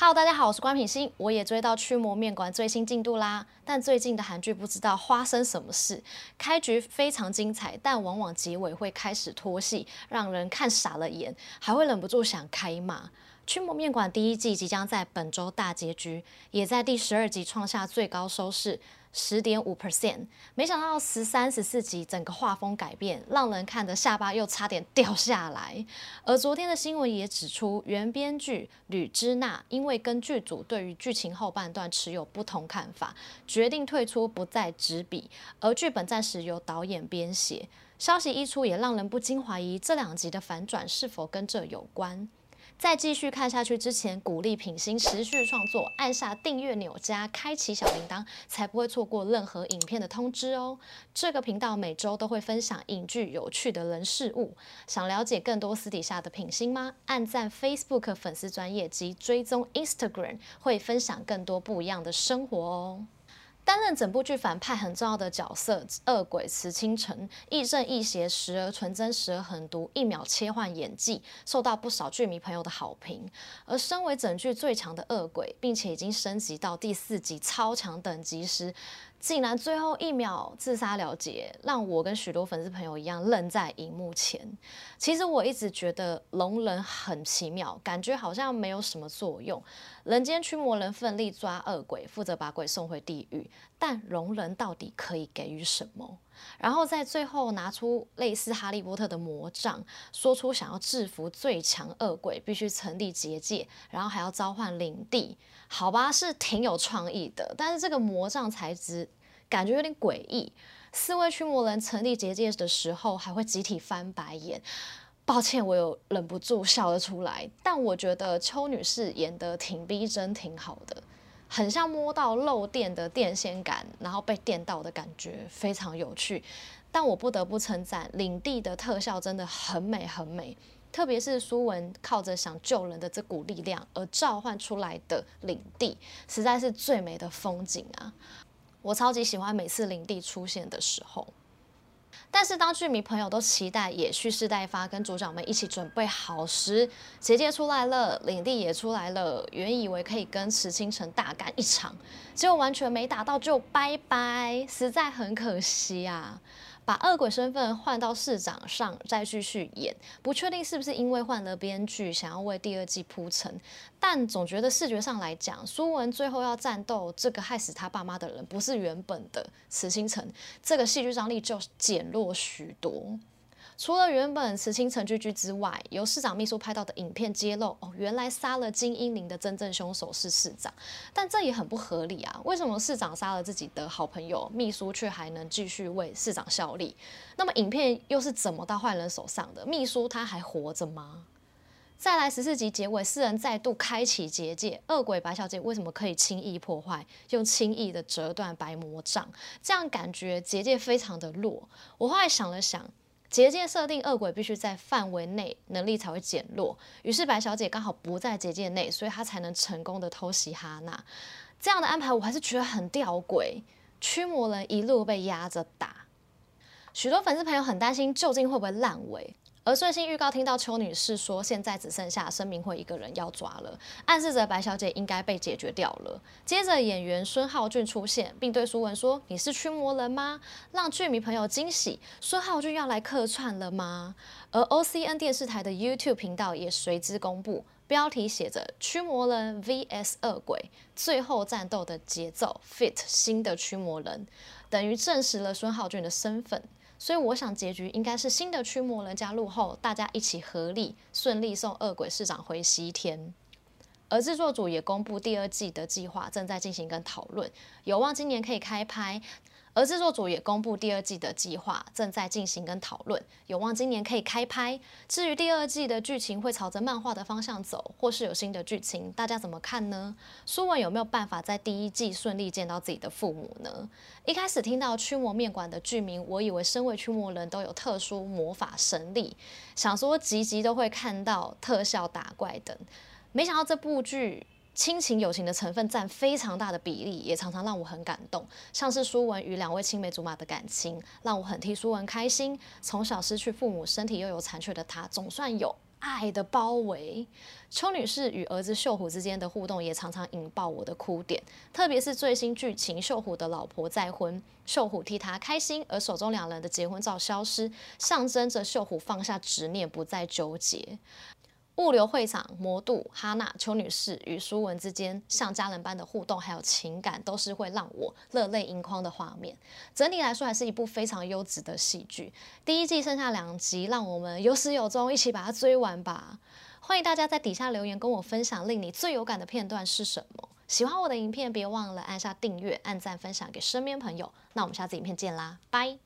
哈嘍，大家好，我是官品心，我也追到《驅魔麵館》最新進度啦。但最近的韓劇不知道發生什麼事，開局非常精彩，但往往結尾會開始拖戲，讓人看傻了眼，還會忍不住想開罵。《驅魔麵館》第一季即將在本周大結局，也在第十二集創下最高收視十點五 percent。沒想到十三、十四集整個畫風改變，讓人看得下巴又差點掉下來。而昨天的新聞也指出，原編劇呂知娜因為跟劇組對於劇情後半段持有不同看法，決定退出，不再執筆。而劇本暫時由導演編寫。消息一出，也讓人不禁懷疑這兩集的反轉是否跟這有關。在繼續看下去之前，鼓勵品心持續創作，按下訂閱鈕加開啟小鈴鐺，才不會錯過任何影片的通知哦。這個頻道每周都會分享影劇有趣的人事物，想了解更多私底下的品心嗎？按讚 Facebook 粉絲專頁及追蹤 Instagram，會分享更多不一樣的生活哦。擔任整部劇反派很重要的角色，惡鬼池清臣亦正亦邪，時而純真，時而狠毒，一秒切換演技，受到不少劇迷朋友的好評。而身為整劇最強的惡鬼，並且已經升級到第四級超強等級時，竟然最後一秒自殺了結，讓我跟許多粉絲朋友一樣愣在熒幕前。其實我一直覺得融人很奇妙，感覺好像沒有什麼作用。人間驅魔人奮力抓惡鬼，負責把鬼送回地獄，但融人到底可以給予什麼？然後在最後拿出類似哈利波特的魔杖，說出想要制服最強惡鬼必須成立結界，然後還要召喚領地，好吧，是挺有創意的。但是這個魔杖材質感覺有點詭異，四位驅魔人成立結界的時候還會集體翻白眼，抱歉，我有忍不住笑了出來。但我覺得邱女士演得挺逼真，挺好的。很像摸到漏電的電線桿，然後被電到的感覺，非常有趣。但我不得不稱讚領地的特效真的很美很美，特別是蘇文靠着想救人的這股力量而召喚出來的領地，實在是最美的風景啊！我超級喜歡每次領地出現的時候。但是當劇迷朋友都期待也蓄勢待發，跟組長們一起準備好時，結界出來了，領地也出來了，原以為可以跟池清臣大幹一場，結果完全沒打到就拜拜，實在很可惜啊。把惡鬼身份換到市長上再繼續演，不確定是不是因為換了編劇想要為第二季鋪陳，但總覺得視覺上來講，蘇文最後要戰鬥這個害死他爸媽的人不是原本的池清臣，這個戲劇張力就減弱許多。除了原本池清臣居居之外，由市長祕書拍到的影片揭露，哦，原來殺了金英林的真正凶手是市長，但這也很不合理啊！為什麼市長殺了自己的好朋友祕書，卻還能繼續為市長效力？那麼影片又是怎麼到壞人手上的？祕書他還活着嗎？再來十四集結尾，四人再度開啟結界，惡鬼白小姐為什麼可以輕易破壞，又輕易的折斷白魔杖？這樣感覺結界非常的弱。我後來想了想。結界設定，惡鬼必須在範圍內，能力才會減弱。於是白小姐剛好不在結界內，所以她才能成功的偷襲哈娜。這樣的安排我還是覺得很吊詭，驅魔人一路被壓着打。許多粉絲朋友很擔心，究竟會不會爛尾？而最新預告聽到邱女士說，現在只剩下申明慧一個人要抓了，暗示着白小姐應該被解決掉了。接着演員孫浩俊出現，並對蘇文說：“你是驅魔人嗎？”讓劇迷朋友驚喜，孫浩俊要來客串了嗎？而 O C N 電視台的 YouTube 頻道也隨之公布，標題寫着“驅魔人 VS 惡鬼最後戰鬥的節奏 ”，fit 新的驅魔人，等於證實了孫浩俊的身份。所以我想，結局應該是新的驅魔人加入後，大家一起合力順利送惡鬼市長回西天。而製作組也公布第二季的計劃正在進行跟討論，有望今年可以開拍。而制作組也公布第二季的計劃正在進行跟討論，有望今年可以開拍。至於第二季的劇情會朝着漫畫的方向走，或是有新的劇情，大家怎麼看呢？蘇文有沒有辦法在第一季順利見到自己的父母呢？一開始聽到驅魔面館的劇名，我以為身為驅魔人都有特殊魔法神力，想說集集都會看到特效打怪等，沒想到這部劇。親情友情的成分占非常大的比例，也常常讓我很感動。像是舒文與兩位青梅竹馬的感情，讓我很替舒文開心。從小失去父母，身體又有殘缺的他，總算有愛的包圍。邱女士與兒子秀虎之間的互動，也常常引爆我的哭點。特別是最新劇情，秀虎的老婆再婚，秀虎替她開心，而手中兩人的結婚照消失，象徵着秀虎放下執念，不再糾結。物流會長魔度哈娜、邱女士與蘇文之間像家人般的互動，還有情感，都是會讓我熱淚盈眶的畫面。整體來說，還是一部非常優質的戲劇。第一季剩下兩集，讓我們有始有終，一起把它追完吧。歡迎大家在底下留言，跟我分享令你最有感的片段是什麼。喜歡我的影片，別忘了按下訂閱、按讚、分享給身邊朋友。那我們下次影片見啦，拜。